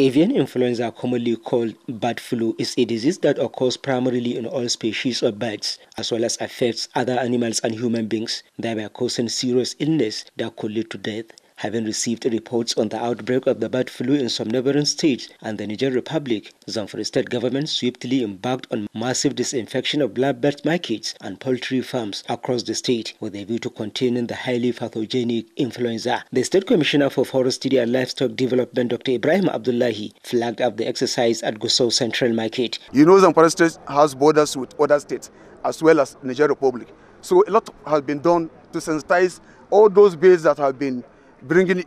Avian influenza, commonly called bird flu, is a disease that occurs primarily in all species of birds, as well as affects other animals and human beings, thereby causing serious illness that could lead to death having received reports on the outbreak of the bird flu in some neighboring states and the Niger Republic, Zamfara state government swiftly embarked on massive disinfection of bird markets and poultry farms across the state with a view to containing the highly pathogenic influenza. The state commissioner for forestry and livestock development, Dr. Ibrahim Abdullahi, flagged up the exercise at Gusau Central Market. You know, Zamfara state has borders with other states as well as Niger Republic. So a lot has been done to sensitize all those birds that have been bringing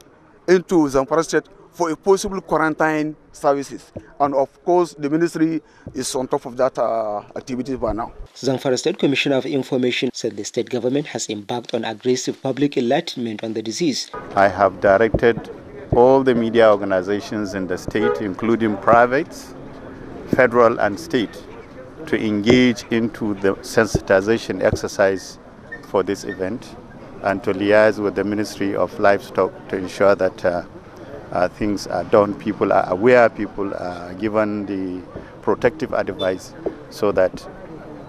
into Zamfara State for a possible quarantine services. And of course, the ministry is on top of that uh, activity by now. Zamfara State Commissioner of Information said the state government has embarked on aggressive public enlightenment on the disease. I have directed all the media organizations in the state, including privates, federal and state, to engage into the sensitization exercise for this event and to liaise with the Ministry of Livestock to ensure that uh, uh, things are done, people are aware, people are given the protective advice so that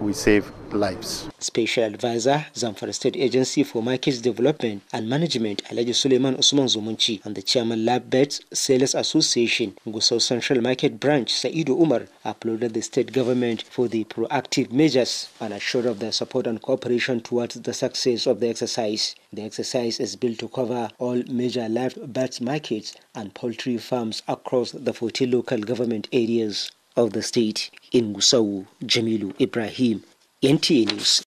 we save lives. Special Advisor, Zamfara State Agency for Market Development and Management, Alhaji Suleiman Usman Zumunci, and the Chairman Labbet Sales Association, Gusau Central Market Branch, Saidu Umar, applauded the state government for the proactive measures and assured of their support and cooperation towards the success of the exercise. The exercise is built to cover all major live birds markets and poultry farms across the 40 local government areas. of the state in Gusau, Jamilu Ibrahim, NTA News.